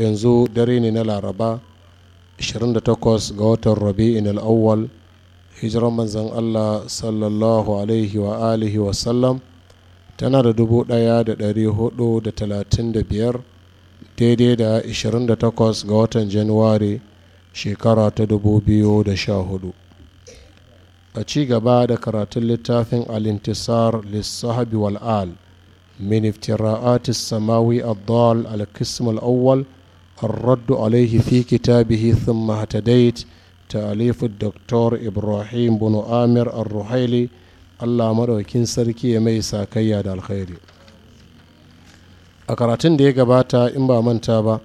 yanzu dare ne na laraba 28 ga watan rabi'in al'awwal hijiran manzan allah sallallahu alaihi wa alihi wasallam tana da da talatin biyar daidai da 28 ga watan januwari shekara ta da 2014 a ci gaba da karatun littafin alintisar lissahabi wal'al min iftira'atis samawi abdal al-kism al-awwal al kism awwal الرد عليه في كتابه ثم اهتديت تأليف الدكتور إبراهيم بن آمر الرحيلي الله مدوكين سركي ميسا كيا دا الخير a karatun da ya gabata in ba manta ba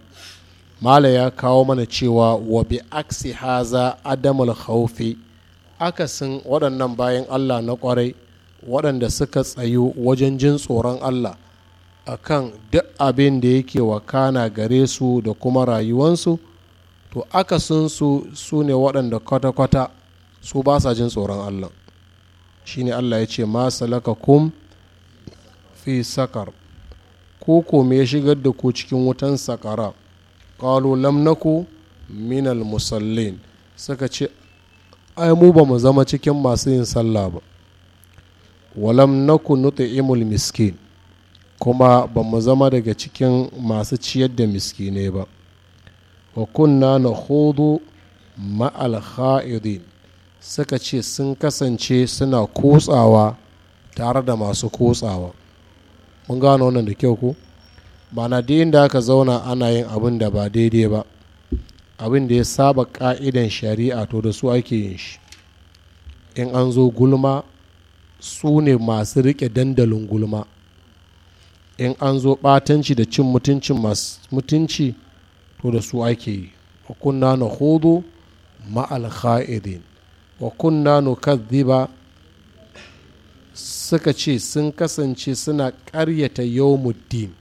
Malam ya kawo mana cewa wa bi aksi haza adamul khaufi akasin waɗannan bayan allah na ƙwarai waɗanda suka tsayu wajen jin tsoron allah akan duk abin da yake wakana gare su da kuma rayuwansu to aka sun su ne waɗanda kwata-kwata su ba sa jin tsoron allah ne allah ya ce masalaka kum fi sakar ko kome ya shigar da ku cikin wutan sakara ƙalo lamnaku minal musallin suka ce ai mu ba mu zama cikin masu yin sallah ba walam naku nuta imul miskin kuma ba mu zama daga cikin masu ciyar da miskinai ba wa kunna na hudu ma'al suka ce sun kasance suna kotsawa tare da masu kotsawa mun gano wannan da kyau ko mana da da aka zauna ana yin abin da ba daidai ba abin da ya saba ka'idan shari'a to da su ake yin shi in an zo gulma su ne masu rike dandalin gulma in an zo batanci da cin mutuncin masu mutunci to da su ake yi wa kunna na hudu ma'al kha'idin wa kunna na ba suka ce sun kasance suna ƙaryata muddin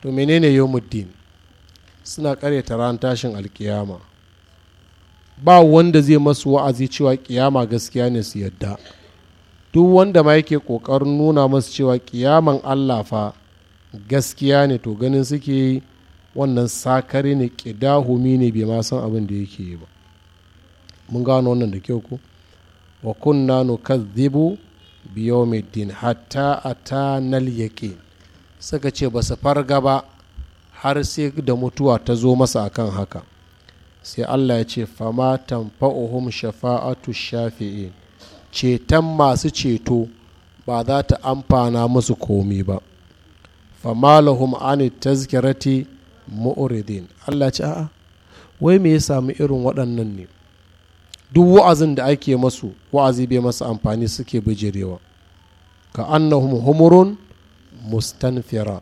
to menene muddin suna ƙaryata ran tashin alkiyama ba wanda zai masu wa'azi cewa kiyama gaskiya ne su yadda duk wanda ma yake ƙoƙarin nuna masu cewa ƙiyaman allah fa gaskiya ne to ganin suke wannan sakare ne ƙidahumi ne bai ma san abin da yake yi ba mun gano wannan da kyau ku wa kunna bi yawmiddin hatta atana al-yaqin suka ce ba su farga ba har sai da mutuwa ta zo masa akan haka sai Allah ya ce fama tanfa'uhum shafa'atu shafi'in ceton masu ceto ba za ta amfana musu komi ba famalahum ani tazkirati mu'ridin Allah ce a'a wai me ya samu irin waɗannan ne duk wa'azin da ake masu wa'azi bai masa amfani suke bijirewa ka annahum humurun mustanfira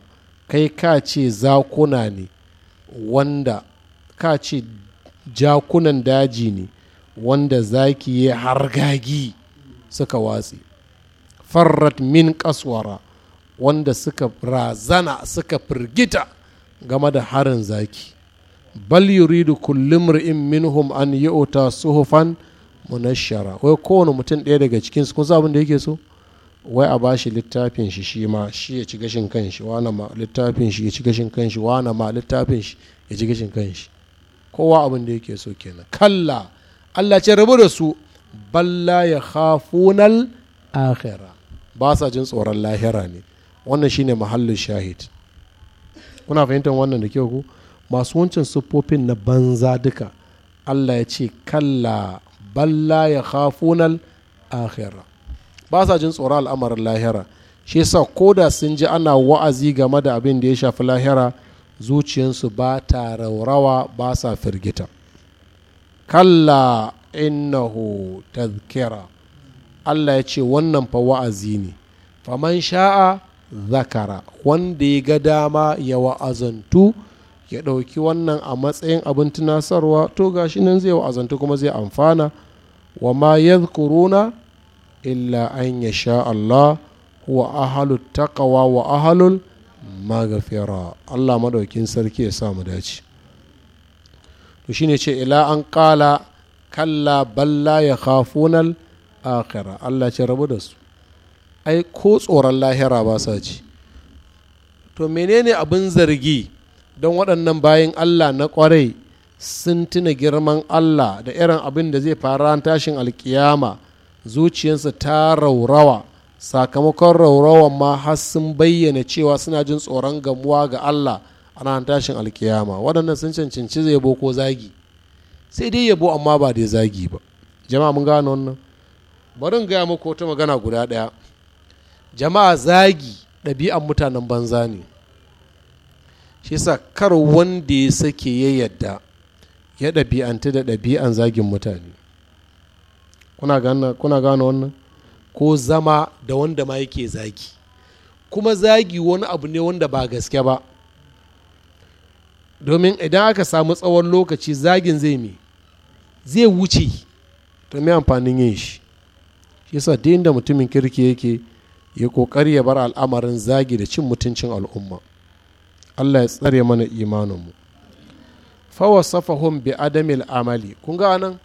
kai ka ce zakuna ne wanda ka ce jakunan daji ne wanda zaki ya hargagi suka watsi farrat min kaswara wanda suka razana suka firgita game da harin zaki bal yuridu kullum ri'in minhum an yi'uta suhufan munashara wai kowane mutum ɗaya daga cikin su kun san abin da yake so wai a bashi littafin shi shi ma shi ya ci gashin kanshi wani ma littafin shi ya ci gashin kanshi wani ma littafin shi ya ci gashin kanshi kowa abin da yake so kenan kalla Allah ce rabu da su balla ya khafunal akhira ba sa jin tsoron lahira ne wannan shine mahallin shahid kuna fahimtar wannan da kyau ku masu wancan siffofin na banza duka allah ya ce kalla balla ya khafunal akhira ba sa jin tsoron al'amarin lahira shi ko da sun ji ana wa'azi game da abin da ya shafi lahira zuciyarsu ba ta raurawa ba sa firgita kalla innahu tazkira Allah ya ce wannan fa wa'azi ne faman sha'a zakara wanda ya ga dama ya wa'azantu ya ɗauki wannan a matsayin abin tunasarwa to gashi nan zai wa'azantu kuma zai amfana wa ma yadhkuruna illa an ya sha Allah wa ahalu taqwa wa ahalul magafira Allah madaukin sarki ya sa mu dace to shine ce ila an qala kalla balla ya khafunal akhira Allah ce rabu da su ai ko tsoron lahira ba sa ci to menene abin zargi don waɗannan bayan Allah na ƙwarai sun tuna girman Allah da irin abin da zai fara tashin alkiyama zuciyarsa ta raurawa sakamakon raurawan ma har sun bayyana cewa suna jin tsoron gamuwa ga Allah a tashin alkiyama waɗannan sun cancanci zai ko zagi sai dai yabo amma ba da zagi ba jama'a mun gane wannan bari gaya muku wata magana guda ɗaya jama'a zagi ɗabi'an mutanen banza ne shi sa kar wanda ya sake ya yadda ya ɗabi'anta da ɗabi'an zagin mutane kuna gane wannan ko zama da wanda ma yake zagi kuma zagi wani abu ne wanda ba gaske ba domin idan aka samu tsawon lokaci zagin zai mi zai wuce ta mai amfanin yin shi shi yasa duk inda mutumin kirki yake ya kokari ya bar al'amarin zagi da cin mutuncin al'umma allah ya tsare mana imaninmu safahun bi adamil amali kun ga nan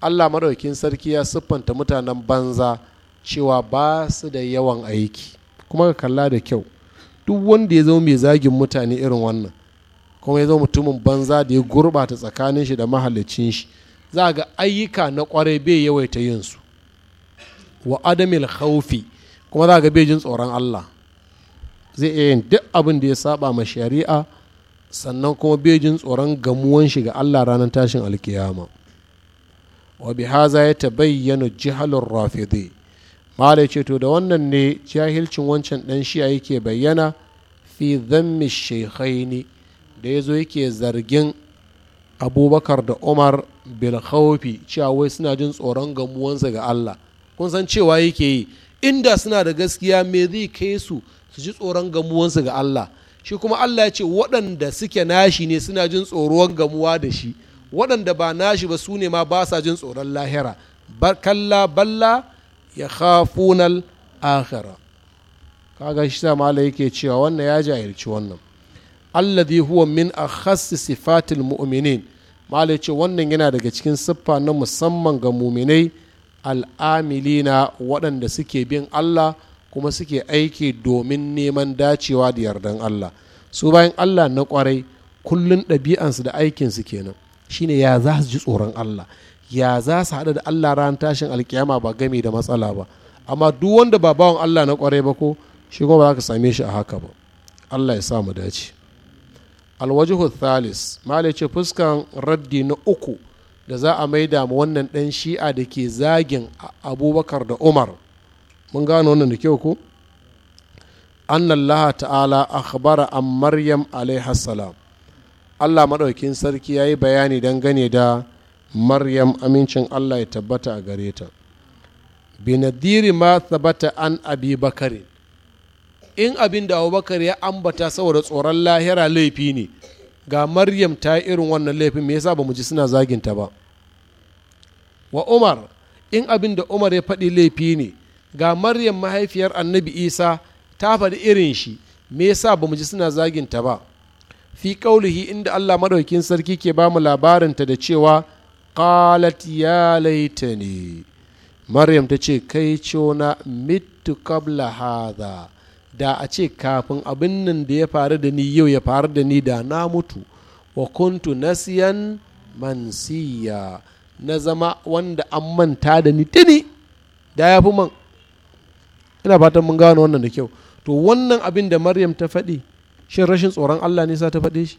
allah maɗaukin sarki ya siffanta mutanen banza cewa ba su da yawan aiki kuma ka kalla da kyau duk wanda ya zama mai zagin mutane irin wannan kuma ya zama mutumin banza da ya gurɓata tsakanin shi da mahallicin shi za ga ayyuka na kwarai bai yawaita yin su wa adamil khaufi kuma za ga bai jin tsoron Allah zai iya yin duk abin da ya saba ma shari'a sannan kuma bai jin tsoron gamuwan shi ga Allah ranar tashin alkiyama wa bi haza ya tabayyana jihalur rafidi malai ce to da wannan ne jahilcin wancan dan shi'a yake bayyana fi zammi shaykhaini da zo yake zargin abubakar da umar bilhaufi cewa wai suna jin tsoron gamuwansa ga allah kun san cewa yake yi inda suna da gaskiya me zai kai su su ji tsoron gamuwansa ga allah shi kuma allah ya ce waɗanda suke nashi ne suna jin tsoron gamuwa da shi waɗanda ba nashi ba su ne ma ba sa jin tsoron lahira kalla balla ya hafunan akara kaga shi sa mala yake cewa wannan ya jahilci wannan alladhi huwa min akhassi sifatil mu'minin mala yace wannan yana daga cikin siffa na musamman ga muminai al'amilina waɗanda suke bin Allah kuma suke aiki domin neman dacewa da yardan Allah su bayan Allah na kwarai kullun ɗabi'ansu da aikinsu kenan shine ya za su ji tsoron Allah ya za su haɗa da Allah ran tashin alkiyama ba gami da matsala ba amma duk wanda ba bawan Allah na kwarai ba ko shi kuma ba za ka same shi a haka ba Allah ya sa mu dace alwajihu thalis malai ce fuskan raddi na uku da za a maida mu wannan ɗan shi'a da ke zagin abubakar da umar mun gano wannan da kyau ku. annallaha ta'ala akhbara an maryam alaiha allah maɗaukin sarki ya yi bayani gane da maryam amincin allah ya tabbata a gare ta binadiri ma tabbata an abi bakarin in abin da abubakar ya ambata saboda tsoron lahira laifi ne ga maryam ta yi irin wannan laifin me yasa ba mu ji suna zaginta ba wa umar in abin da umar ya faɗi laifi ne ga maryam mahaifiyar annabi isa ta faɗi irin shi me yasa ba mu ji suna zaginta ba fi kaulihi inda allah maɗaukin sarki ke ba mu labarinta da cewa qalat ya ne maryam ta ce kai na mitu kabla hadha da a ce kafin abin nan da ya faru da ni yau ya faru da ni da na mutu wa kuntu nasiyan mansiya na zama wanda an manta da ni tuni da ya fi man ina fatan mun gano wannan da kyau to wannan abin da maryam ta faɗi shin rashin tsoron allah ne sa ta faɗe shi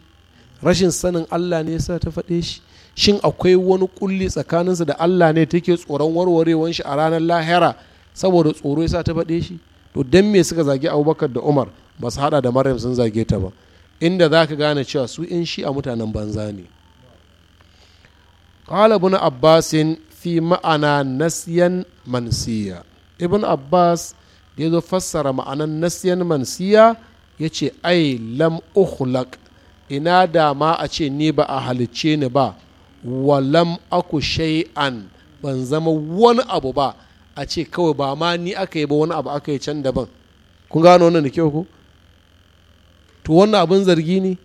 rashin sanin allah ne sa ta faɗe shi shin akwai wani kulli tsakaninsa da allah ne take tsoron warwarewan shi a ranar lahira saboda tsoro ya sa ta faɗe shi to don me suka zagi abubakar da umar ba su hada da maryam sun zage ta ba inda za ka gane cewa su in shi a mutanen banza ne qala ibn abbasin fi ma'ana nasiyan mansiya ibn abbas da ya zo fassara ma'anan nasiyan mansiya ya ce ai lam ukhlaq ina da ma a ce ni ba a halicce ni ba walam aku shay'an ban zama wani abu ba a ce kawai ba ma ni aka yi ba wani abu aka yi can daban kun gano wannan da kyau ku to wannan abin zargi ne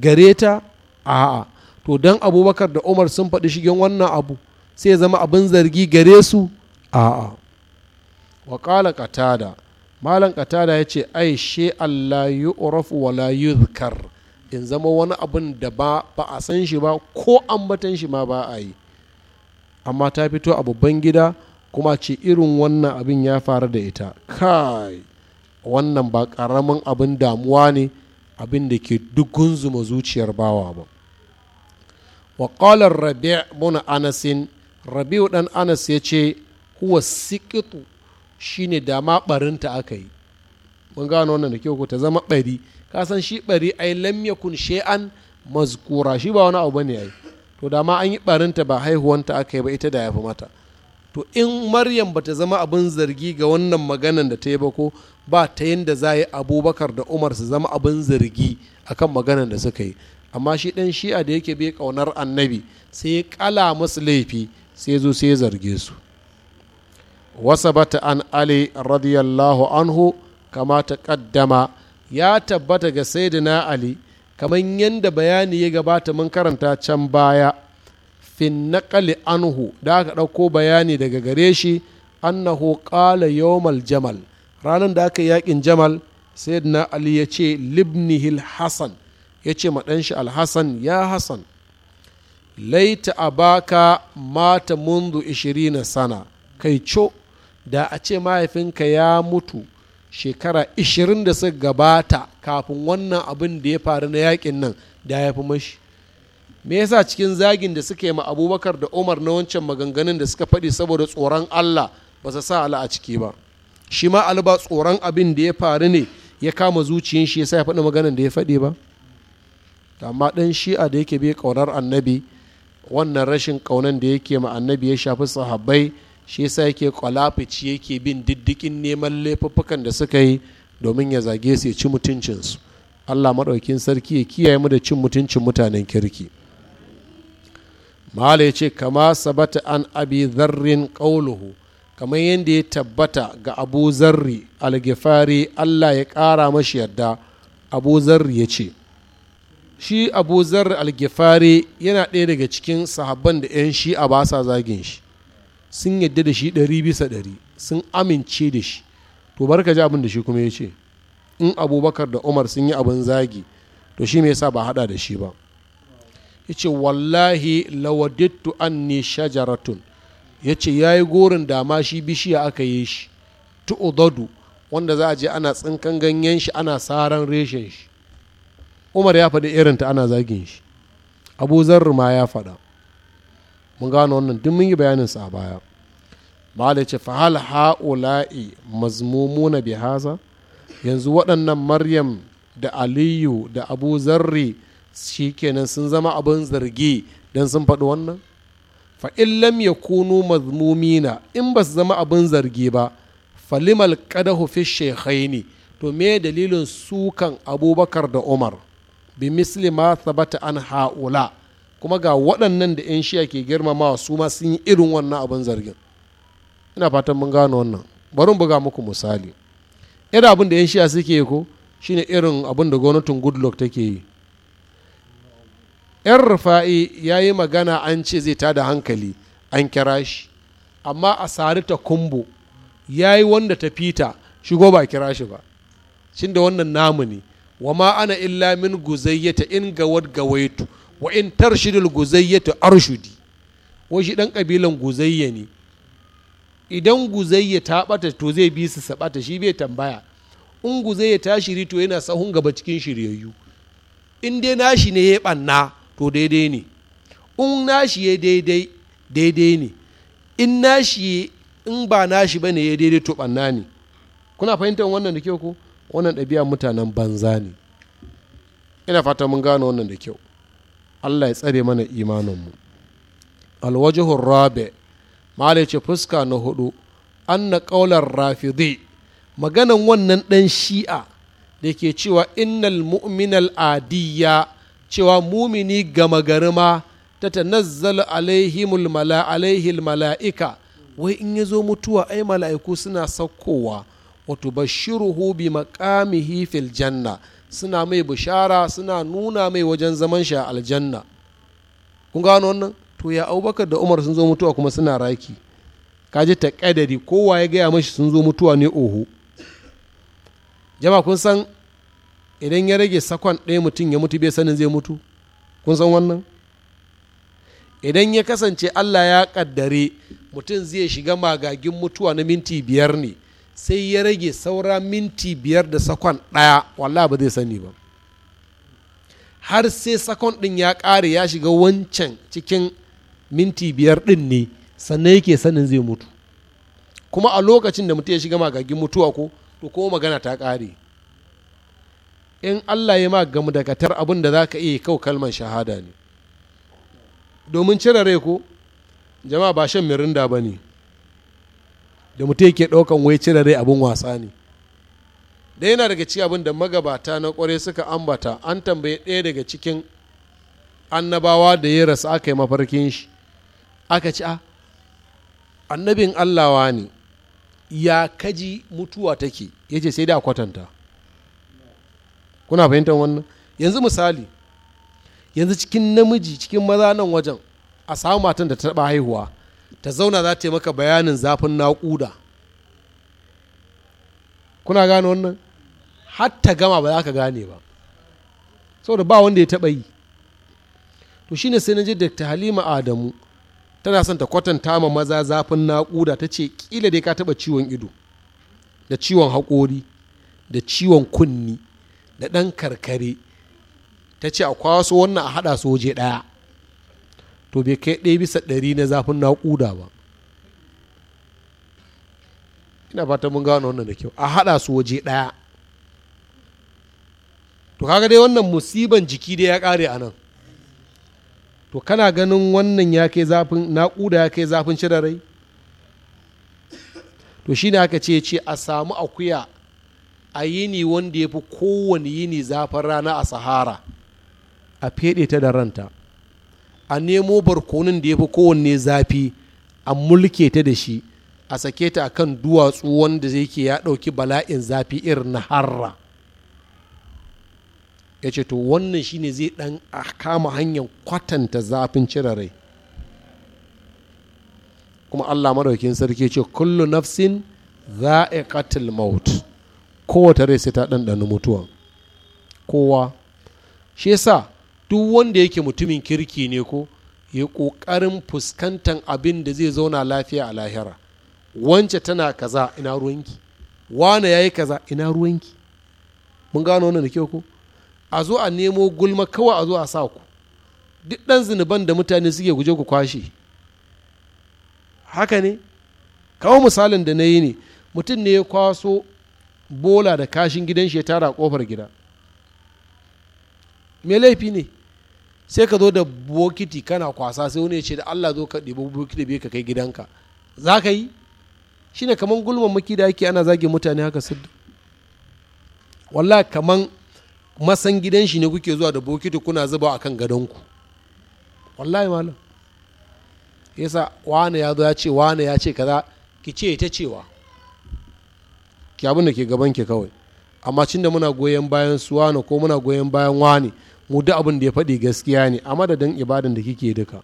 gare ta a'a to don abubakar da umar sun faɗi shigen wannan abu sai ya zama abin zargi gare su a'a wa ƙala katada malam katada ya ce ai she allah yu'rafu wa la yuzkar in zama wani abin da ba ba a san shi ba ko ambatan shi ma ba a yi amma ta fito a babban gida kuma ce irin wannan abin ya faru da ita kai wannan ba karamin abin damuwa ne abin da ke dukkan zuma zuciyar bawa ba wa ƙalar rabi' anasin rabi'u ɗan anas ya ce huwa sikitu ne da ma ɓarinta aka yi mun gano wannan da kyau ta zama bari ka san shi bari ai lam yakun shay'an mazkura shi ba wani abu bane ai to da ma an yi ɓarinta ba haihuwanta aka yi ba ita da ya fi mata to in maryam ba ta zama abin zargi ga wannan maganan da ta yi ba ko ba ta yadda za yi abubakar da umar su zama abin zargi akan maganan da suka yi amma shi ɗan shi'a da yake bai ƙaunar annabi sai ya ƙala masu laifi sai zo sai ya zarge su wasa bata an ali radiyallahu anhu kama ta ƙaddama ya tabbata ga saidina ali kamar yadda bayani ya gabata mun karanta can baya fin naqali anhu da aka ɗauko bayani daga gare shi annahu ƙala yawmal jamal ranar da aka yakin jamal na ali ya ce libni hil hasan ya ce ma ɗanshi alhassan ya hassan laita a baka mata mundu na sana kai co da a ce mahaifinka ya mutu shekara ishirin da suka gabata kafin wannan abin da ya faru na yaƙin nan da ya fi mashi me yasa cikin zagin da suka yi ma abubakar da umar na wancan maganganun da suka faɗi saboda tsoron allah ba su sa ala a ciki ba shi ma alba tsoron abin da ya faru ne ya kama zuciyin shi yasa ya faɗi maganan da ya faɗi ba amma ɗan shi'a da yake bi ƙaunar annabi wannan rashin ƙaunan da yake ma annabi ya shafi sahabbai shi yasa yake kwalafici yake bin diddikin neman laifuffukan da suka yi domin ya zage su ya ci mutuncinsu allah maɗaukin sarki ya kiyaye mu da cin mutuncin mutanen kirki mahala ya ce kama sabata an abi zarrin ƙauluhu kamar yadda ya tabbata ga abu zarri algifari allah ya ƙara mashi yadda abu zarri ya ce shi abu zarri algifari yana ɗaya daga cikin sahabban da 'yan shi a basa zagin shi sun yadda da shi ɗari bisa ɗari sun amince da shi to barka ji abin da shi kuma ya ce in abubakar da umar sun yi abin zagi to shi me yasa ba haɗa da shi ba yace wallahi lawadittu anni shajaratun yace yayi gorin dama shi bishiya aka yi shi tu'udadu wanda za a je ana tsinkan ganyen shi ana saran reshen shi umar ya faɗi irinta ana zagin shi abu zarri ma ya faɗa mun gano wannan duk mun yi bayanin sa a baya malai ce fahal ha'ula'i mazmumuna bi haza yanzu waɗannan maryam da aliyu da abu zarri shi kenan sun zama abin zargi don sun faɗi wannan fa'in lam ya kunu mazmumina in ba su zama abin zargi ba falimal kadahu fi shekhaini to me dalilin sukan abubakar da umar bi misli ma sabata an ha'ula kuma ga waɗannan da 'yan shiya ke girmamawa su ma sun yi irin wannan abin zargin ina fatan mun gano wannan bari buga muku misali irin abin da 'yan shiya suke ko shine irin abin da gwamnatin goodluck take yi yan rufa'i ya yi magana an ce zai tada hankali an kira shi amma a sarita kumbo ya yi wanda ta fita shigo ba kira shi ba cin da wannan namu ne wa ma ana illa min guzayyata in gawad gawaitu wa in tarshidul guzayyata arshudi shi dan kabilan guzayya ne idan guzayya ta bata to zai bi su sabata shi bai tambaya in guzayya ta shiri to yana sahun gaba cikin shiryayyu in dai nashi ne ya banna to daidai ne in nashi ya daidai daidai ne in nashi in ba nashi bane ya daidai to banna ne kuna fahimtar wannan da kyau ko wannan ɗabi'a mutanen banza ne ina fata mun gano wannan da kyau allah ya tsare mana imaninmu alwajihun rabe mala ce fuska na hudu an na ƙaular maganan wannan ɗan shi'a da ke cewa innal mu'minal adiyya cewa mumini gama gari ma ta nazzal alaihimul mala alaihil mala'ika wai in ya zo mutuwa ai mala'iku suna saukowa wato bashiruhu hubi makami fil janna suna mai bishara suna nuna mai wajen zaman shi aljanna kun gano wannan to ya abubakar da umar sun zo mutuwa kuma suna raki kaji ta kadari kowa ya gaya mashi sun zo mutuwa ne oho jama kun san idan ya rage sakon ɗaya mutum ya mutu bai sanin zai mutu kun san wannan idan ya kasance allah ya ƙaddare mutum zai shiga magagin mutuwa na minti biyar ne sai ya rage saura minti biyar da sakon ɗaya walla ba zai sani ba har sai sakon ɗin ya ƙare ya shiga wancan cikin minti biyar ɗin ne sannan yake sanin zai mutu kuma a lokacin da mutum ya shiga magagin mutuwa ko to ko magana ta ƙare in allah ya ma gamu dakatar abin da za ka iya kau kalmar shahada ne domin cire rai ko jama'a ba shan mirinda ba ne da mutum yake ɗaukan wai cire rai abin wasa ne da yana daga ci abin da magabata na ƙware suka ambata an tambaye ɗaya daga cikin annabawa da ya rasu aka yi mafarkin shi aka ci a annabin allawa ne ya kaji mutuwa take ya ce sai da kwatanta kuna fahimtar wannan yanzu misali yanzu cikin namiji cikin maza nan wajen a samu matan da ta taba haihuwa ta zauna za ta yi maka bayanin zafin naƙuda kuna gane wannan har ta gama ba za ka gane ba saboda ba wanda ya taɓa yi to shine sai na ji dr halima adamu tana son ta kwatanta ma maza zafin naƙuda ta ce kila dai ka taɓa ciwon ido da ciwon haƙori da ciwon kunni da ɗan karkare ta ce a kwaso wannan a haɗa su waje ɗaya to bai kai ɗaya bisa ɗari na zafin naƙuda ba ina fata mun gano wannan da kyau a haɗa su waje ɗaya to kaga dai wannan musiban jiki dai ya ƙare a nan to kana ganin wannan ya kai zafin naƙuda ya kai zafin cire rai to ne aka ce ce a samu akuya a yini wanda ya fi kowane yini zafin rana a sahara a feɗe ta da ranta a nemo barkonin da ya fi kowanne zafi a mulke ta da shi a sake ta akan duwatsu wanda zai ke ya ɗauki bala'in zafi irin na harra ya ce to wannan shine zai ɗan kama hanyar kwatanta zafin cirarai kuma allah maɗaukin sarki ce kullu nafsin za'iqatul maut kowata rai sai ta ɗanɗana mutuwan kowa shi yasa duk wanda yake mutumin kirki ne ko ya ƙoƙarin fuskantar abin da zai zauna lafiya a lahira wance tana kaza ina ruwanki wane ya yi kaza ina ruwanki mun gano wannan da kyau ko a zo a nemo gulma kawai a zo a sa ku duk ɗan zunuban da mutane suke guje ku kwashe haka ne kawai misalin da na yi ne mutum ne ya kwaso bola da kashin gidan shi ya tara kofar gida me laifi ne sai ka zo da bokiti kana kwasa sai wani ya ce da allah zo ka ɗebi bokiti bai ka kai gidanka za ka yi Shi ne kaman gulman maki da ake ana zage mutane haka siddu walla kaman masan gidan shi ne kuke zuwa da bokiti kuna zuba a kan gadonku wallahi malam yasa wane ya zo ya ce wane ya ce kaza ki ce ta cewa ke abin da ke gaban ke kawai amma cin da muna goyon bayan suwa ko muna goyon bayan wani mu duk abin da ya faɗi gaskiya ne a madadin ibadan da kike duka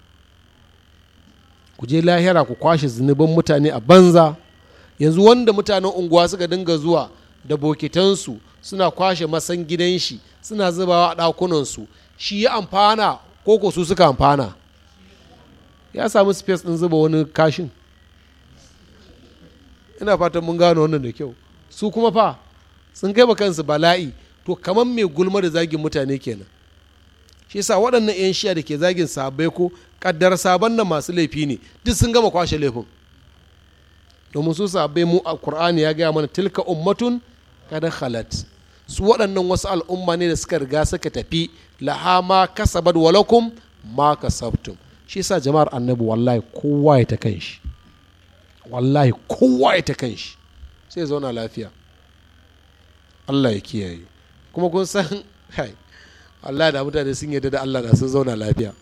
ku je lahira ku kwashe zunubin mutane a banza yanzu wanda mutanen unguwa suka dinga zuwa da bokitansu suna kwashe masan gidan shi suna zubawa a ɗakunansu shi ya amfana ko ko su suka amfana ya samu space ɗin zuba wani kashin ina fatan mun gano wannan da kyau su kuma fa sun kai kansu bala'i to kamar mai gulma da zagin mutane kenan shi yasa waɗannan 'yan shiya da ke zagin sabai ko kaddar sabon nan masu laifi ne duk sun gama kwashe laifin domin su sabai mu a qur'ani ya gaya mana tilka ummatun kada halat su waɗannan wasu al'umma ne da suka riga suka tafi lahama ma walakum ma kasabtum shi yasa jama'ar annabi wallahi kowa ya ta kanshi wallahi sai zauna lafiya allah ya kiyaye kuma kun san hai allah da mutane sun yarda da allah da sun zauna lafiya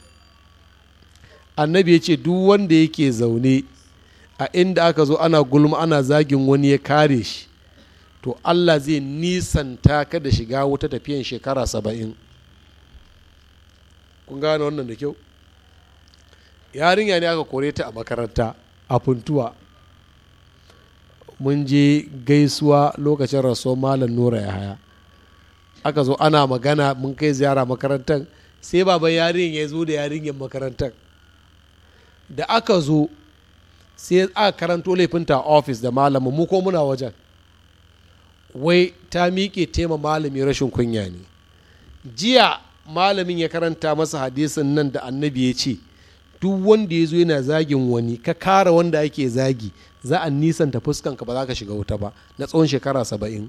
annabi ya ce duk wanda yake zaune a inda aka zo ana gulma ana zagin wani ya kare shi to allah zai nisanta kada da shiga wuta tafiyan shekara saba'in kun gane wannan da kyau yarinya ne aka kore ta a makaranta a funtuwa mun je gaisuwa lokacin rasuwar malam nura ya haya aka zo ana magana mun kai ziyara makarantar sai baban yarin ya zo da yarinyar makarantar da aka zo sai aka karanto laifinta a ofis da malamin mu ko muna wajen wai ta miƙe tema malami rashin kunya ne jiya malamin ya karanta masa hadisin nan da annabi ya ce duk wanda ya zo yana zagin wani ka kara wanda ake zagi za a nisanta fuskanka ba za ka shiga wuta ba na tsawon shekara saba'in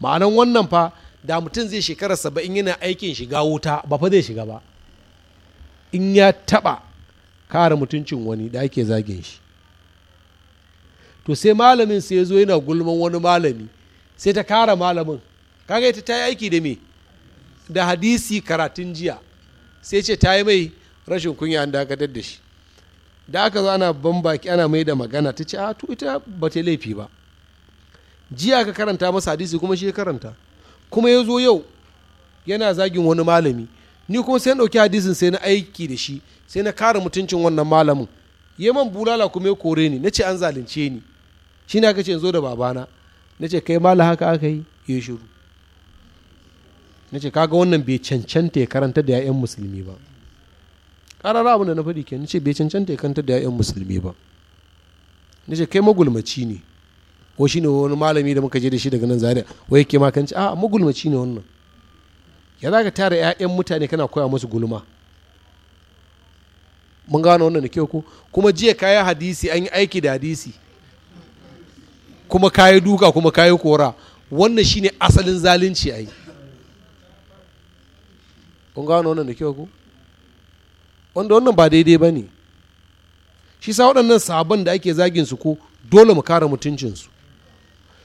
ma'anan wannan fa da mutum zai shekara saba'in yana aikin shiga wuta ba fa zai shiga ba in ya taɓa kare mutuncin wani da ake zagin shi to sai malamin sai ya zo yana gulman wani malami sai ta kare malamin kaga ita ta yi aiki da me da hadisi karatun jiya sai ce ta yi mai rashin kunya an dakatar da shi da aka zo ana ban baki ana mai da magana ta ce a to ita ba ta laifi ba jiya ka karanta masa hadisi kuma shi ya karanta kuma ya zo yau yana zagin wani malami ni kuma sai na ɗauki hadisin sai na aiki da shi sai na kare mutuncin wannan malamin ya man bulala kuma ya kore ni na ce an zalunce ni shi na ka ce zo da babana na ce kai mala haka aka yi ya shiru na ce kaga wannan bai cancanta ya karanta da 'ya'yan musulmi ba Ƙarar abin da na faɗi kenan ce bai cancanta ya kantar da 'ya'yan musulmi ba na ce kai magulmaci ne ko shi ne wani malami da muka je da shi daga nan zaria wai ke makanci a magulmaci ne wannan ya za ka tara 'ya'yan mutane kana koya musu gulma mun gano wannan da kyau ko kuma jiya yi hadisi an yi aiki da hadisi kuma kayi duka kuma kayi kora wannan shine asalin zalunci yi kun gano wannan da kyau ko wanda wannan ba daidai ba ne shi sa waɗannan sabon da ake zagin su ko dole mu kare mutuncinsu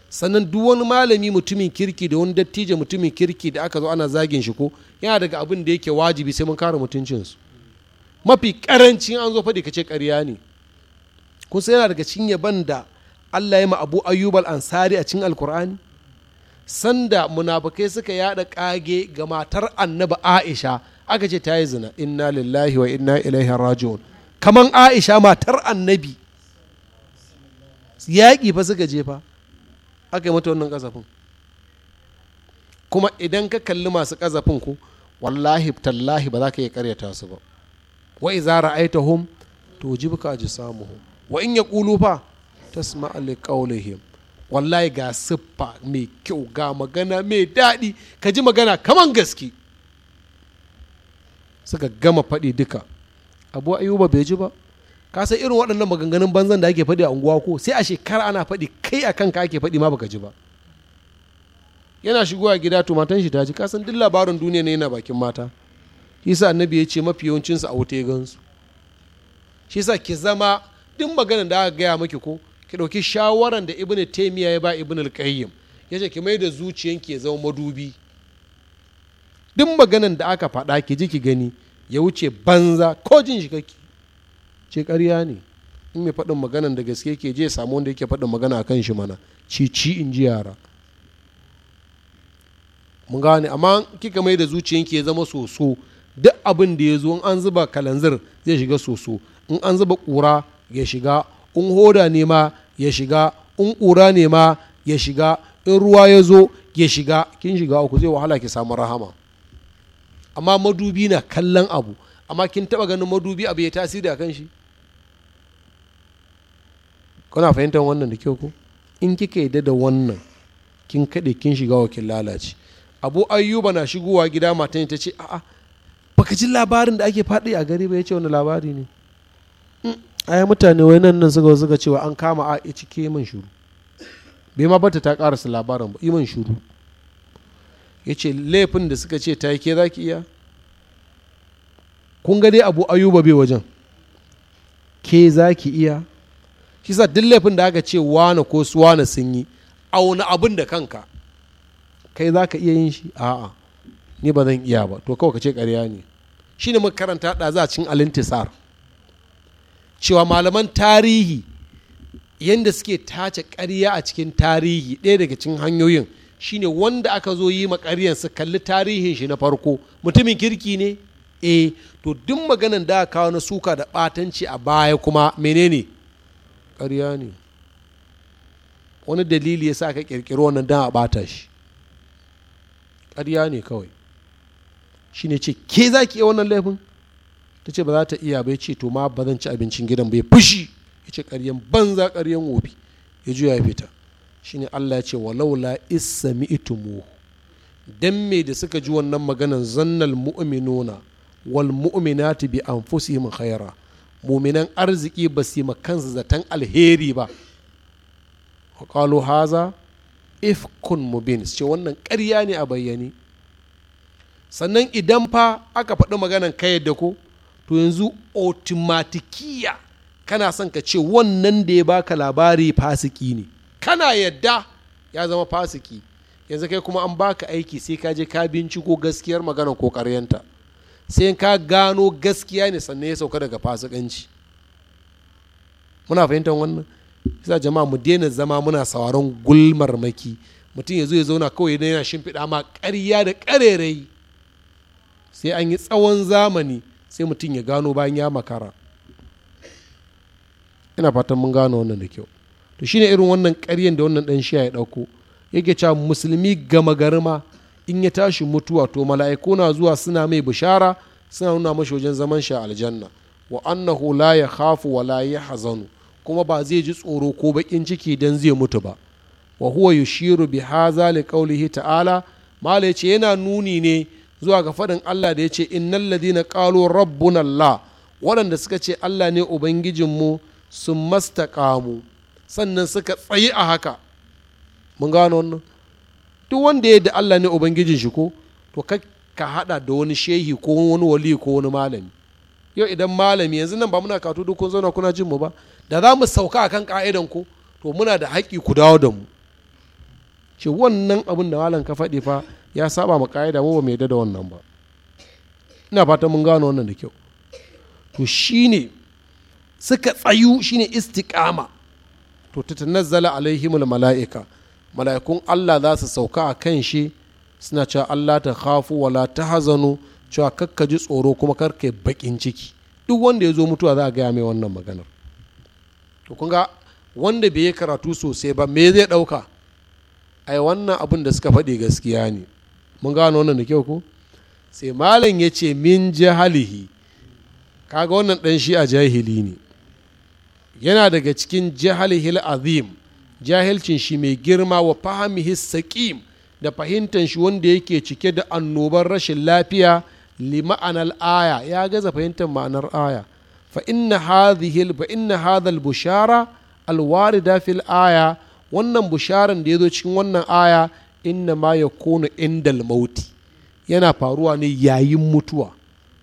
sannan duk wani malami mutumin kirki da wani dattijo mutumin kirki da aka zo ana zagin shi ko yana daga abin da yake wajibi sai mun kare mutuncinsu mafi karanci an zo faɗi ka ce ƙarya ne kun sai yana daga cin yaban da Allah ya ma Abu ayyubal ansari a cikin Alkur'ani sanda munafukai suka yada kage ga matar Annabi Aisha aka ce ta yi zina inna lillahi wa inna ilaihi raji'un kaman aisha matar annabi yaƙi fa suka je fa aka yi mata wannan ƙazafin kuma idan ka kalli masu ƙazafin ku wallahi tallahi ba za ka iya karyata su ba wa iza ji samu hum. wa in ya ƙulu fa tasma li wallahi ga siffa mai kyau ga magana mai daɗi ka ji magana kaman gaske suka gama faɗi duka abu ayuba bai ji ba ka san irin waɗannan maganganun banzan da ake faɗi a unguwa ko sai a shekara ana faɗi kai a kanka ake faɗi ma baka ji ba yana shigowa gida to matan shi ta ji ka san duk labarin duniya ne yana bakin mata shi yasa annabi ya ce mafi yawancin su a wuta ya gansu shi yasa ki zama duk maganar da aka gaya maki ko ki ɗauki shawaran da ibnu taymiya ya ba ibnu al yace ki mai da zuciyanki ya zama madubi duk maganan da aka faɗa ki ji ki gani ya wuce banza ko jin shi kake ce ƙarya ne in mai faɗin maganan da gaske ke je samu wanda yake faɗin magana a kan shi mana ci ci in ji yara mun gane amma kika mai da zuciyanki ya zama soso duk abin da ya zo in an zuba kalanzir zai shiga soso in an zuba ƙura ya shiga in hoda ne ma ya shiga in ƙura ne ma ya shiga in ruwa ya zo ya shiga kin shiga uku zai wahala ki samu rahama amma madubi na kallon abu amma kin taba ganin madubi abu ya tasiri a kan shi kuna fahimtar wannan da kyau ko in kika yadda da wannan kin kaɗe kin shiga wakil lalace abu ayyuba na shigowa gida matan ta ce a'a baka ji labarin da ake faɗi a gari ba ya ce wani labari ne mm, ai mutane wai nan nan suka suka cewa an kama a cike man shuru bai ma bata ta karasa labarin ba iman shuru ya ce laifin da suka ce ta yi ke za ki iya kun ga abu ayuba bai wajen ke za ki iya shi sa duk laifin da aka ce wane ko su wane sun yi auna abin da kanka kai za ka iya yin shi a'a ni ba zan iya ba to kawai ka ce karya ne shi ne makaranta da za a cin alintisar cewa malaman tarihi yadda suke tace karya a cikin tarihi ɗaya daga cikin hanyoyin shine wanda aka zo yi ma karyan su kalli tarihin shi na farko mutumin kirki ne e to duk maganan da aka kawo na suka da batanci a baya kuma menene ƙarya ne wani dalili ya sa ka ƙirƙiri wannan dan a bata shi ƙarya ne kawai shi ne ce ke za ki iya wannan laifin ta ce ba za ta iya bai ce to ma ba zan ci abincin gidan bai fushi ya ce ƙaryan banza ƙaryan wofi ya juya ya fita shine Allah ya ce walaula isami'tumu dan me da suka ji wannan maganan zannal mu'minuna wal mu'minatu bi anfusihim khaira mu'minan arziki ba su kansu zaton alheri ba qalu haza ifkun mubin ce wannan ƙarya ne a bayyane sannan idan fa aka faɗi maganan ka yadda ko to yanzu otomatikiya kana son ka ce wannan da ya baka labari fasiki ne kana yadda ya zama fasiki yanzu kai kuma an baka aiki sai ka je ka binciko gaskiyar magana ko karyanta sai ka gano gaskiya ne sannan ya sauka daga fasikanci muna fahimtar wannan yasa jama'a mu daina zama muna sauraron gulmar maki mutum ya zo ya zauna kawai yana shimfiɗa ma ƙarya da ƙarerai sai an yi tsawon zamani sai mutum ya gano bayan ya makara ina fatan mun gano wannan da kyau to shine irin wannan ƙaryen da wannan ɗan shiya ya ɗauko yake cewa musulmi gama garma in ya tashi mutuwa to mala'iku na zuwa suna mai bishara suna nuna mashi wajen zaman shi a aljanna wa annahu la ya khafu wa la ya hazanu kuma ba zai ji tsoro ko bakin ciki dan zai mutu ba wa huwa yushiru bi hadha li qawlihi ta'ala mala yace yana nuni ne zuwa ga faɗin Allah da yace innal ladina qalu rabbuna Allah waɗanda suka ce Allah ne ubangijinmu sun mastaqamu sannan suka tsayi a haka mun gano wannan duk wanda ya da Allah ne ubangijin shi ko to ka ka hada da wani shehi ko wani wali ko wani malami yau idan malami yanzu nan ba muna katu duk kun zauna kuna jin mu ba da za mu sauka akan ka'idan ko to muna da haƙƙi ku dawo da mu ce wannan abin da malam ka faɗi fa ya saba wa ka'ida mu ba mai da wannan ba ina fata mun gano wannan da kyau to shine suka tsayu shine istiqama to tatanazzala alaihimul mala'ika mala'ikun Allah za su sauka a kan shi suna cewa Allah ta khafu wala ta hazanu cewa kakka ji tsoro kuma karka bakin ciki duk wanda ya zo mutuwa za a gaya mai wannan maganar to kun ga wanda bai yi karatu sosai ba me zai ɗauka ai wannan abin da suka faɗi gaskiya ne mun gano wannan da kyau ko sai malam ya ce min jahalihi kaga wannan ɗan shi a jahili ne yana daga cikin jahalihil azim jahilcin shi mai girma wa fahimihis saqim da fahimtar shi wanda yake cike da annobar rashin lafiya ma'anar aya ya gaza fahimtar ma'anar aya fa inna hadhihi fa inna hadhal bushara alwarida fil aya wannan busharan da yazo cikin wannan aya inna ma yakunu indal mauti yana faruwa ne yayin mutuwa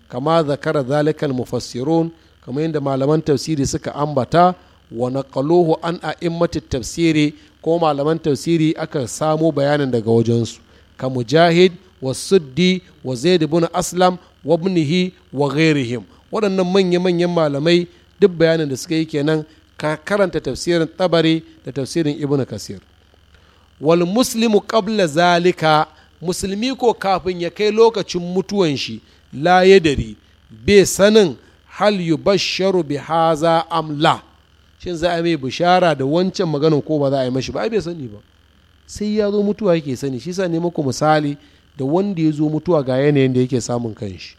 kama zakara zalikal mufassirun kamar yadda malaman tafsiri suka ambata wa naqaluhu an a a'immati tafsiri ko malaman tafsiri aka samo bayanin daga wajensu ka mujahid wa suddi wa zaid ibn aslam wa ibnihi wa ghairihim waɗannan manya-manyan malamai duk bayanin da suka yi kenan ka karanta tafsirin tabari da tafsirin ibn kasir wal muslimu qabla zalika musulmi ko kafin ya kai lokacin mutuwan shi la yadari bai sanin hal yubashsharu bi haza amla la shin za a mai bishara da wancan maganar ko ba za a yi mashi ba ai bai sani ba sai ya zo mutuwa yake sani shi sa ne muku misali da wanda ya zo mutuwa ga yanayin da yake samun kanshi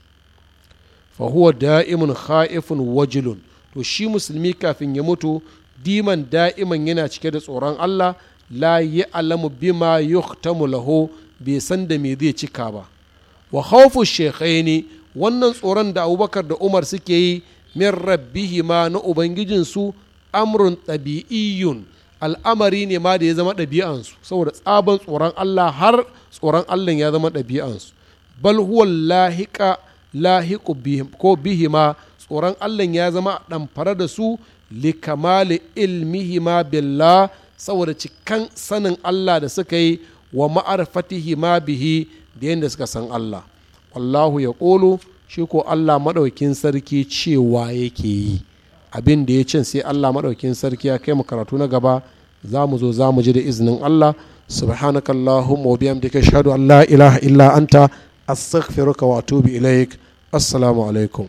fa huwa da'imun kha'ifun wajilun to shi musulmi kafin ya mutu diman da'iman yana cike da tsoron Allah la alamu bima yuhtamu lahu bai san da me zai cika ba wa khawfu ne. wannan tsoron da abubakar da umar suke yi min ma na ubangijinsu amrun ɗabi'iyyun al'amari ne ma da ya zama ɗabi'ansu saboda tsaban tsoron allah har tsoron allah ya zama ɗabi'ansu bal huwa lahika lahiku ko bihima tsoron allah ya zama ɗamfara da su likamali ma billah saboda cikan sanin allah da suka yi wa ma bihi da yadda suka san allah wallahu ya ƙolo shi ko allah maɗaukin sarki cewa yake yi abin da ya ce sai allah maɗaukin sarki ya kai mu karatu na gaba za mu zo za mu ji da izinin allah subhanaka allahumma wa bihamdika ashhadu an la ilaha illa anta astaghfiruka wa atubu ilaik assalamu alaikum